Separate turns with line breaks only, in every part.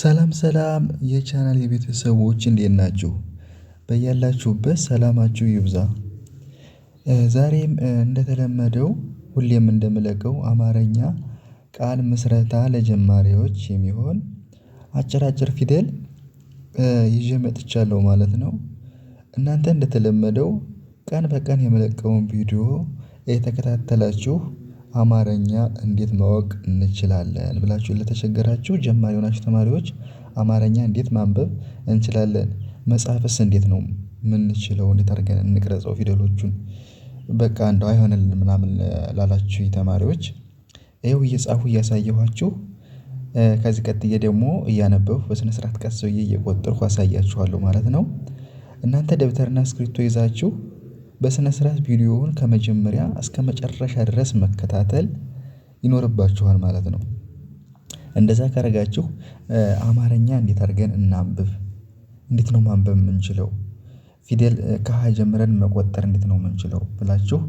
ሰላም ሰላም የቻናል የቤተሰቦች እንዴት ናችሁ? በያላችሁበት ሰላማችሁ ይብዛ። ዛሬም እንደተለመደው ሁሌም እንደምለቀው አማርኛ ቃል ምስረታ ለጀማሪዎች የሚሆን አጭር አጭር ፊደል ይዤ መጥቻለሁ ማለት ነው። እናንተ እንደተለመደው ቀን በቀን የመለቀውን ቪዲዮ የተከታተላችሁ አማርኛ እንዴት ማወቅ እንችላለን ብላችሁ ለተቸገራችሁ ጀማሪ የሆናችሁ ተማሪዎች አማርኛ እንዴት ማንበብ እንችላለን? መጽሐፍስ እንዴት ነው የምንችለው እንዴት አድርገን እንቅረጸው ፊደሎቹን? በቃ እንደው አይሆንልን ምናምን ላላችሁ ተማሪዎች ይኸው እየጻፉ እያሳየኋችሁ ከዚህ ቀጥዬ ደግሞ እያነበብኩ በስነ ስርዓት ቀስ ብዬ እየቆጠርኩ አሳያችኋለሁ ማለት ነው። እናንተ ደብተርና እስክሪብቶ ይዛችሁ በስነ ስርዓት ቪዲዮውን ከመጀመሪያ እስከ መጨረሻ ድረስ መከታተል ይኖርባችኋል ማለት ነው። እንደዛ ካረጋችሁ አማርኛ እንዴት አድርገን እናንብብ? እንዴት ነው ማንበብ የምንችለው? ፊደል ከሀ ጀምረን መቆጠር እንዴት ነው የምንችለው? ብላችሁ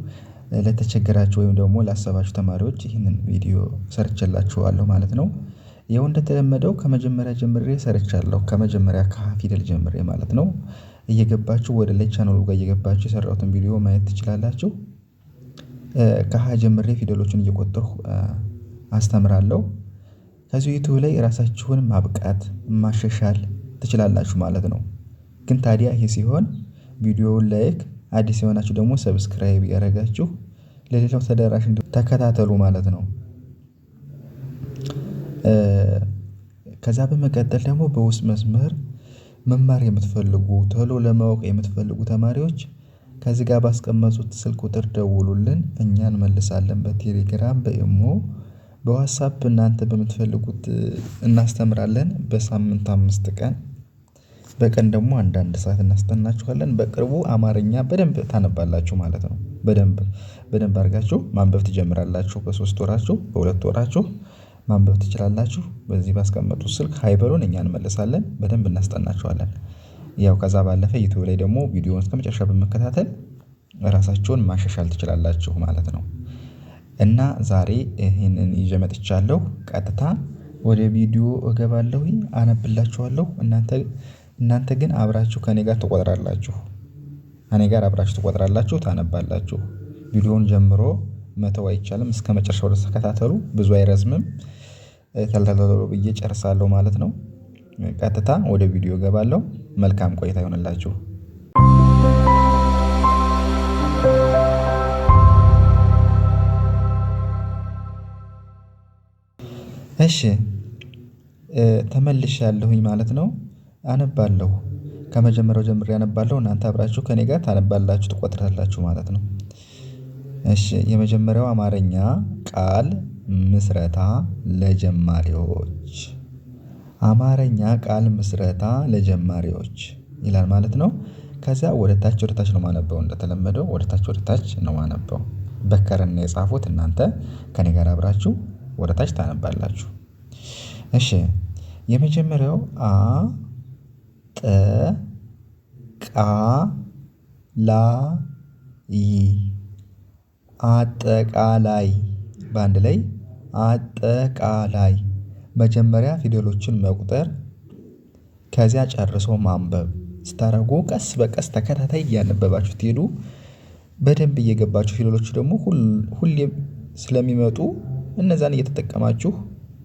ለተቸገራችሁ ወይም ደግሞ ላሰባችሁ ተማሪዎች ይህንን ቪዲዮ ሰርቼላችኋለሁ ማለት ነው። ያው እንደተለመደው ከመጀመሪያ ጀምሬ ሰርቻለሁ ከመጀመሪያ ከሀ ፊደል ጀምሬ ማለት ነው። እየገባችሁ ወደ ላይ ቻናሉ ጋር እየገባችሁ የሰራሁትን ቪዲዮ ማየት ትችላላችሁ። ከሀ ጀምሬ ፊደሎችን እየቆጠርኩ አስተምራለሁ። ከዚህ ዩቱብ ላይ ራሳችሁን ማብቃት ማሻሻል ትችላላችሁ ማለት ነው። ግን ታዲያ ይህ ሲሆን ቪዲዮውን ላይክ፣ አዲስ የሆናችሁ ደግሞ ሰብስክራይብ ያደረጋችሁ ለሌላው ተደራሽ ተከታተሉ ማለት ነው። ከዛ በመቀጠል ደግሞ በውስጥ መስመር መማር የምትፈልጉ ቶሎ ለማወቅ የምትፈልጉ ተማሪዎች ከዚህ ጋር ባስቀመጡት ስልክ ቁጥር ደውሉልን እኛ እንመልሳለን በቴሌግራም በኢሞ በዋትሳፕ እናንተ በምትፈልጉት እናስተምራለን በሳምንት አምስት ቀን በቀን ደግሞ አንዳንድ ሰዓት እናስጠናችኋለን በቅርቡ አማርኛ በደንብ ታነባላችሁ ማለት ነው። በደንብ በደንብ አድርጋችሁ ማንበብ ትጀምራላችሁ በሶስት ወራችሁ በሁለት ወራችሁ ማንበብ ትችላላችሁ። በዚህ ባስቀመጡት ስልክ ሃይ እኛ እንመልሳለን በደንብ እናስጠናችኋለን። ያው ከዛ ባለፈ ዩቱብ ላይ ደግሞ ቪዲዮውን መጨረሻ በመከታተል ራሳችሁን ማሻሻል ትችላላችሁ ማለት ነው። እና ዛሬ ይህንን ይዤ መጥቻለሁ። ቀጥታ ወደ ቪዲዮ እገባለሁ አነብላችኋለሁ። እናንተ እናንተ ግን አብራችሁ ከኔ ጋር ትቆጥራላችሁ እኔ ጋር አብራችሁ ትቆጥራላችሁ፣ ታነባላችሁ። ቪዲዮውን ጀምሮ መተው አይቻልም። እስከ መጨረሻው ድረስ ተከታተሉ። ብዙ አይረዝምም። ተልተልተሎ ብዬ ጨርሳለሁ ማለት ነው። ቀጥታ ወደ ቪዲዮ ገባለሁ መልካም ቆይታ ይሆንላችሁ። እሺ ያለሁኝ ማለት ነው። አነባለሁ ከመጀመሪያው ጀምሬ አነባለሁ። እናንተ አብራችሁ ከኔ ጋር ታነባላችሁ፣ ትቆጥረላችሁ ማለት ነው። እሺ የመጀመሪያው አማርኛ ቃል ምስረታ ለጀማሪዎች አማርኛ ቃል ምስረታ ለጀማሪዎች ይላል ማለት ነው። ከዛ ወደ ታች ወደ ታች ነው ማነበው፣ እንደተለመደው ወደ ታች ወደ ታች ነው ማነበው። በከረና የጻፉት እናንተ ከኔ ጋር አብራችሁ ወደ ታች ታነባላችሁ። እሺ የመጀመሪያው አ ጠ ቃ ላ ይ አጠቃላይ በአንድ ላይ አጠቃላይ መጀመሪያ ፊደሎችን መቁጠር ከዚያ ጨርሶ ማንበብ ስታደርጉ ቀስ በቀስ ተከታታይ እያነበባችሁ ትሄዱ በደንብ እየገባችሁ ፊደሎች ደግሞ ሁሌም ስለሚመጡ እነዛን እየተጠቀማችሁ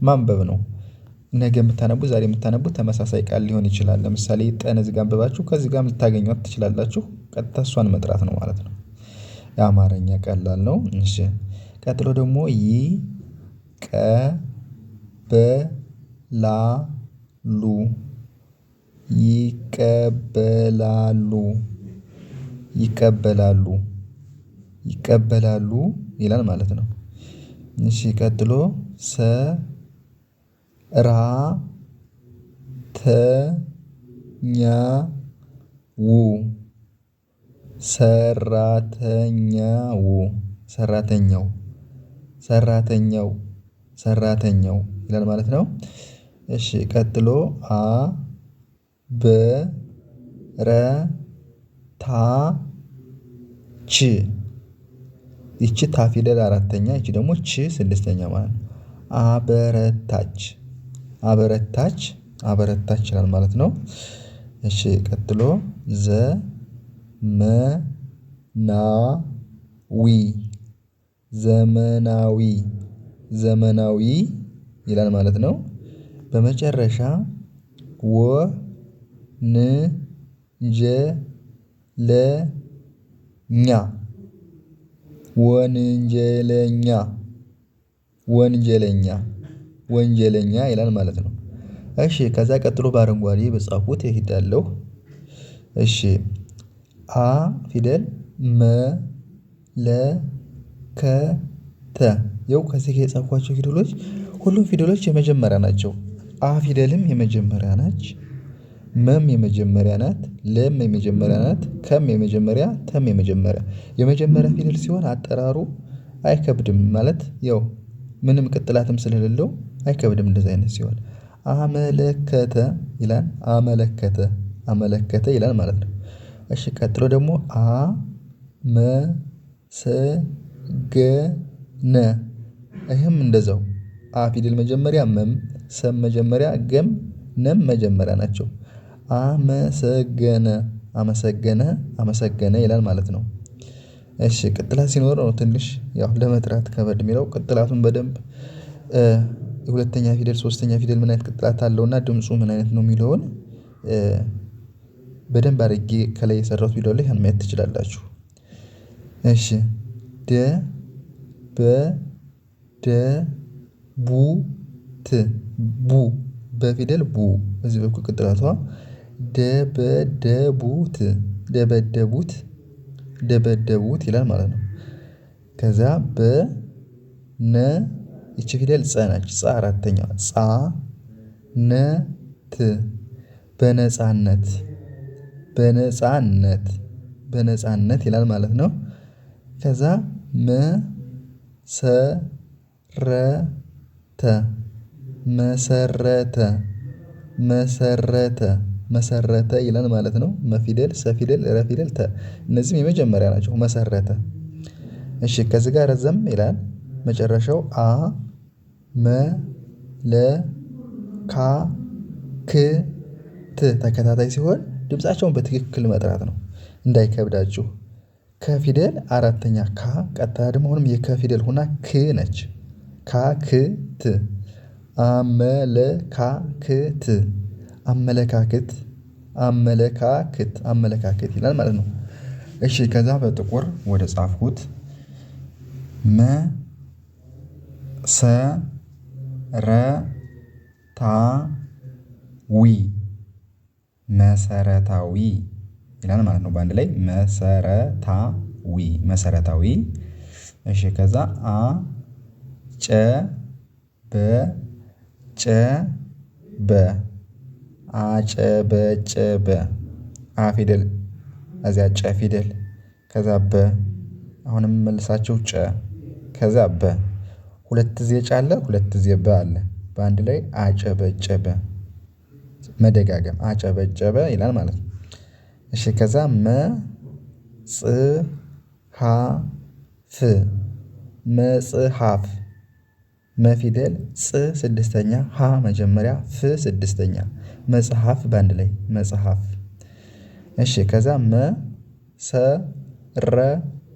ማንበብ ነው። ነገ የምታነቡ ዛሬ የምታነቡ ተመሳሳይ ቃል ሊሆን ይችላል። ለምሳሌ ጠን እዚህ ጋር አንብባችሁ ከዚህ ጋርም ልታገኟት ትችላላችሁ። ቀጥታ እሷን መጥራት ነው ማለት ነው። የአማርኛ ቀላል ነው። እሺ ቀጥሎ ደግሞ ይ ይቀበላሉ ይቀበላሉ ይቀበላሉ ይቀበላሉ ይላል ማለት ነው። እሺ ቀጥሎ ሰ ራ ተ ኛ ው ሰራተኛው ሰራተኛው ሰራተኛው ሰራተኛው ይላል ማለት ነው። እሺ ቀጥሎ አ በ ረ ታ ች ይቺ ታ ፊደል አራተኛ ይቺ ደግሞ ች ስድስተኛ ማለት ነው። አበረታች አበረታች አበረታች ይላል ማለት ነው። እሺ ቀጥሎ ዘ መ ና ዊ ዘመናዊ ዘመናዊ ይላል ማለት ነው። በመጨረሻ ወንጀለኛ ወንጀለኛ ወንጀለኛ ወንጀለኛ ይላል ማለት ነው። እሺ ከዛ ቀጥሎ በአረንጓዴ በጻፉት እሄዳለሁ። እሺ አ ፊደል መ ለ ከ ተ የው ከዚህ የጻፍኳቸው ፊደሎች ሁሉም ፊደሎች የመጀመሪያ ናቸው። አ ፊደልም የመጀመሪያ ናች። መም የመጀመሪያ ናት። ለም የመጀመሪያ ናት። ከም የመጀመሪያ ተም የመጀመሪያ የመጀመሪያ ፊደል ሲሆን አጠራሩ አይከብድም ማለት ያው ምንም ቅጥላትም ስለሌለው አይከብድም። እንደዚህ አይነት ሲሆን አመለከተ ይላል። አመለከተ አመለከተ ይላል ማለት ነው። እሺ ቀጥሎ ደግሞ አ መ ሰ ገ ነ ይህም እንደዛው አ ፊደል መጀመሪያ መም ሰም መጀመሪያ ገም ነም መጀመሪያ ናቸው። አመሰገነ አመሰገነ አመሰገነ ይላል ማለት ነው። እሺ ቅጥላት ሲኖር ነው ትንሽ ያው ለመጥራት ከበድ የሚለው ቅጥላቱን በደንብ ሁለተኛ ፊደል ሶስተኛ ፊደል ምን አይነት ቅጥላት አለው እና ድምፁ ምን አይነት ነው የሚለውን በደንብ አድርጌ ከላይ የሰራሁት ቪዲዮ ላይ ያን ማየት ትችላላችሁ። እሺ ደ በደቡት ቡ በፊደል ቡ በዚህ በኩል ቅጥላቷ ደበደቡት ደበደቡት ደበደቡት ይላል ማለት ነው። ከዛ በነ ይቺ ፊደል ፀ ናች ፀ አራተኛ ጻ ነ ት በነጻነት በነጻነት በነጻነት ይላል ማለት ነው። ከዛ መ ሰረተ መሰረተ መሰረተ መሰረተ ይላል ማለት ነው። መፊደል ሰፊደል ረፊደል ተ እነዚህም የመጀመሪያ ናቸው። መሰረተ እሺ ከዚህ ጋር ረዘም ይላል መጨረሻው አ መ ለ ካ ክ ት ተከታታይ ሲሆን ድምፃቸውን በትክክል መጥራት ነው። እንዳይከብዳችሁ ከፊደል አራተኛ ካ ቀጥታ ደግሞ አሁንም የከፊደል ሆና ክ ነች። ካ ክ ት አመለካክት አመለካክት አመለካክት አመለካክት ይላል ማለት ነው። እሺ ከዛ በጥቁር ወደ ጻፍኩት መ ሰ ረ ታ ዊ መሰረታዊ ይላል ማለት ነው። በአንድ ላይ መሰረታዊ መሰረታዊ። እሺ ከዛ አ ጨ በ ጨ በ አጨ በ ጨ በ አ ፊደል እዚያ ጨ ፊደል ከዛ በ አሁንም መልሳቸው ጨ ከዛ በ ሁለት ዜ ጨ አለ፣ ሁለት ዜ በ አለ። በአንድ ላይ አጨበጨበ መደጋገም አጨበጨበ ይላል ማለት ነው። እሺ ከዛ ፍ መጽሐፍ መፊደል ጽ ስድስተኛ ሀ መጀመሪያ ፍ ስድስተኛ መጽሐፍ በአንድ ላይ መጽሐፍ። እሺ ከዛ መሰረ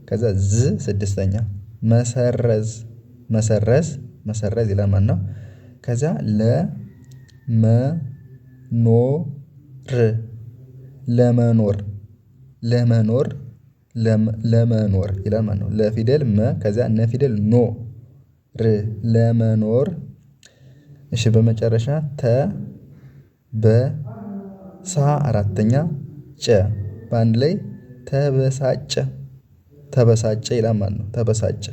ከዛ ዝ ስድስተኛ መሰረዝ መሰረዝ መሰረዝ ይላል ማለት ነው። ከዛ ለ ር ለመኖር ለመኖር ለመኖር ይላል ማለት ነው። ለፊደል መ ከዛ ነ ፊደል ኖ ር ለመኖር። እሺ በመጨረሻ ተ በ ሳ አራተኛ ጨ በአንድ ላይ ተበሳጨ ተበሳጨ ይላል ማለት ነው። ተበሳጨ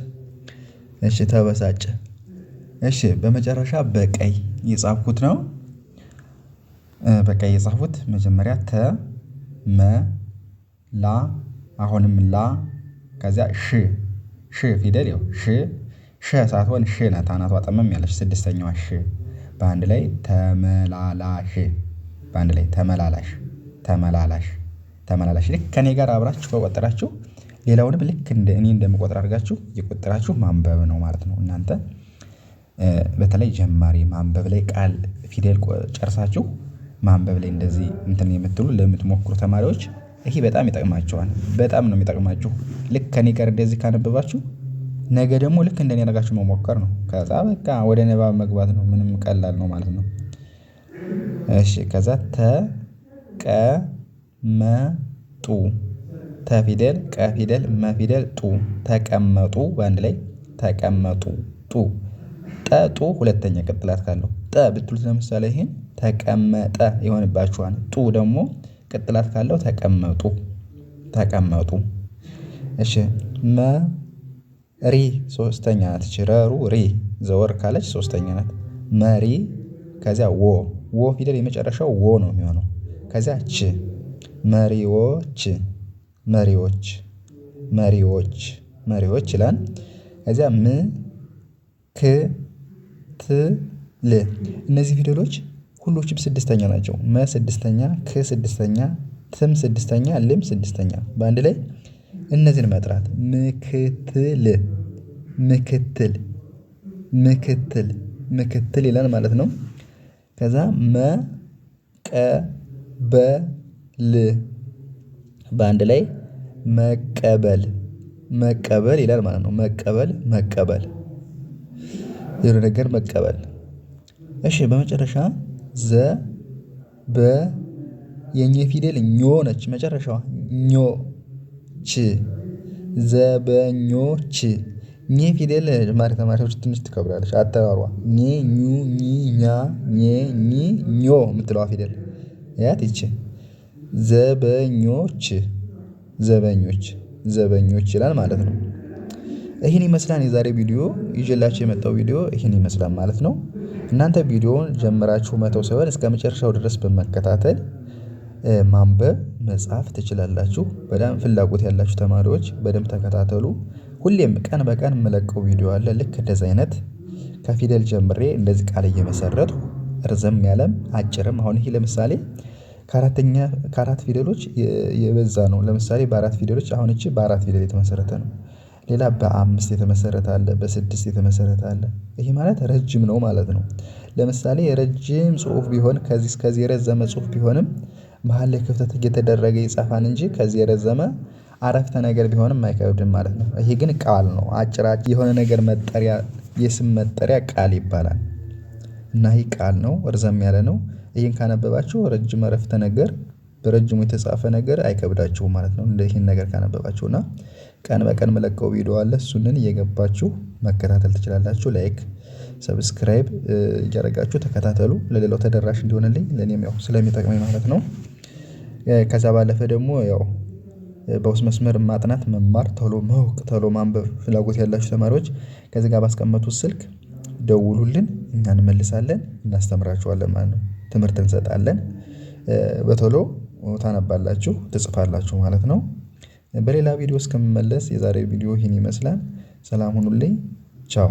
እሺ ተበሳጨ እሺ በመጨረሻ በቀይ የጻፍኩት ነው። በቀይ የጻፍኩት መጀመሪያ ተ መ ላ አሁንም ላ ከዚያ ሽ ሽ ፊደል ው ሽ ሸ ሳትሆን ሽ ናት። አናቷ ጠመም ያለች ስድስተኛዋ ሽ በአንድ ላይ ተመላላሽ በአንድ ላይ ተመላላሽ ተመላላሽ ተመላላሽ ልክ ከኔ ጋር አብራችሁ ከቆጠራችሁ ሌላውንም ልክ እንደ እኔ እንደምቆጥር አድርጋችሁ የቆጠራችሁ ማንበብ ነው ማለት ነው። እናንተ በተለይ ጀማሪ ማንበብ ላይ ቃል ፊደል ጨርሳችሁ ማንበብ ላይ እንደዚህ እንትን የምትሉ ለምትሞክሩ ተማሪዎች ይሄ በጣም ይጠቅማቸዋል። በጣም ነው የሚጠቅማችሁ። ልክ ከእኔ ጋር እንደዚህ ካነበባችሁ ነገ ደግሞ ልክ እንደኔ አድርጋችሁ መሞከር ነው። ከዛ በቃ ወደ ንባብ መግባት ነው። ምንም ቀላል ነው ማለት ነው። እሺ ከዛ ተቀመጡ ተፊደል ቀፊደል መፊደል ጡ ተቀመጡ በአንድ ላይ ተቀመጡ ጡ ጠጡ ሁለተኛ ቅጥላት ካለው ጠ ብትሉት ለምሳሌ ይሄን ተቀመጠ ይሆንባችኋል። ጡ ደግሞ ቅጥላት ካለው ተቀመጡ ተቀመጡ። እሺ መ ሪ ሶስተኛ ናት። እቺ ረሩ ሪ ዘወር ካለች ሶስተኛ ናት። መሪ ከዚያ ወ ወ ፊደል የመጨረሻው ወ ነው የሚሆነው። ከዚያ ች መሪዎች መሪዎች መሪዎች መሪዎች ይላል። ከዚያ ም ክ ት ል እነዚህ ፊደሎች ሁሎችም ስድስተኛ ናቸው። መ ስድስተኛ ክ ስድስተኛ ትም ስድስተኛ ልም ስድስተኛ በአንድ ላይ እነዚህን መጥራት ምክትል ምክትል ምክትል ምክትል ይላል ማለት ነው። ከዛ መቀበል በአንድ ላይ መቀበል መቀበል ይላል ማለት ነው። መቀበል መቀበል የሆነ ነገር መቀበል። እሺ በመጨረሻ ዘ በ የኘ ፊደል ኞ ነች መጨረሻዋ ኞ ች ዘበኞች ኘ ፊደል ጀማሪ ተማሪዎች ትንሽ ትከብራለች አጠራሯ ኘ ኙ ኚ ኛ ኘ ኚ ኞ የምትለዋ ፊደል ያት ይቺ ዘበኞች ዘበኞች ዘበኞች ይላል ማለት ነው። ይህን ይመስላል የዛሬ ቪዲዮ ይዤላችሁ የመጣው ቪዲዮ ይህን ይመስላል ማለት ነው እናንተ ቪዲዮውን ጀምራችሁ መተው ሳይሆን እስከ መጨረሻው ድረስ በመከታተል ማንበብ መጻፍ ትችላላችሁ። በጣም ፍላጎት ያላችሁ ተማሪዎች በደንብ ተከታተሉ። ሁሌም ቀን በቀን የምለቀው ቪዲዮ አለ። ልክ እንደዚህ አይነት ከፊደል ጀምሬ እንደዚህ ቃል እየመሰረቱ እርዘም ያለም አጭርም። አሁን ይሄ ለምሳሌ ከአራተኛ ከአራት ፊደሎች የበዛ ነው። ለምሳሌ በአራት ፊደሎች አሁን እቺ በአራት ፊደል የተመሰረተ ነው። ሌላ በአምስት የተመሰረተ አለ በስድስት የተመሰረተ አለ ይህ ማለት ረጅም ነው ማለት ነው። ለምሳሌ ረጅም ጽሁፍ ቢሆን ከዚህ እስከዚህ የረዘመ ጽሁፍ ቢሆንም መሃል ላይ ክፍተት እየተደረገ ይጻፋል እንጂ ከዚህ የረዘመ አረፍተ ነገር ቢሆንም አይከብድም ማለት ነው። ይሄ ግን ቃል ነው አጭራጭ የሆነ ነገር መጠሪያ የስም መጠሪያ ቃል ይባላል። እና ይህ ቃል ነው እርዘም ያለ ነው ይህን ካነበባችሁ ረጅም አረፍተ ነገር በረጅሙ የተጻፈ ነገር አይከብዳችሁም ማለት ነው። ይህን ነገር ካነበባችሁ እና ቀን በቀን ምለቀው ቪዲዮ አለ እሱንን እየገባችሁ መከታተል ትችላላችሁ። ላይክ ሰብስክራይብ እያደረጋችሁ ተከታተሉ ለሌላው ተደራሽ እንዲሆንልኝ ለእኔም ያው ስለሚጠቅመኝ ማለት ነው። ከዛ ባለፈ ደግሞ ያው በውስጥ መስመር ማጥናት፣ መማር፣ ተሎ መውቅ ተሎ ማንበብ ፍላጎት ያላችሁ ተማሪዎች ከዚህ ጋር ባስቀመጡት ስልክ ደውሉልን፣ እኛ እንመልሳለን፣ እናስተምራችኋለን ማለት ነው። ትምህርት እንሰጣለን። በቶሎ ታነባላችሁ፣ ትጽፋላችሁ ማለት ነው። በሌላ ቪዲዮ እስከምመለስ የዛሬ ቪዲዮ ይህን ይመስላል። ሰላም ሁኑልኝ። ቻው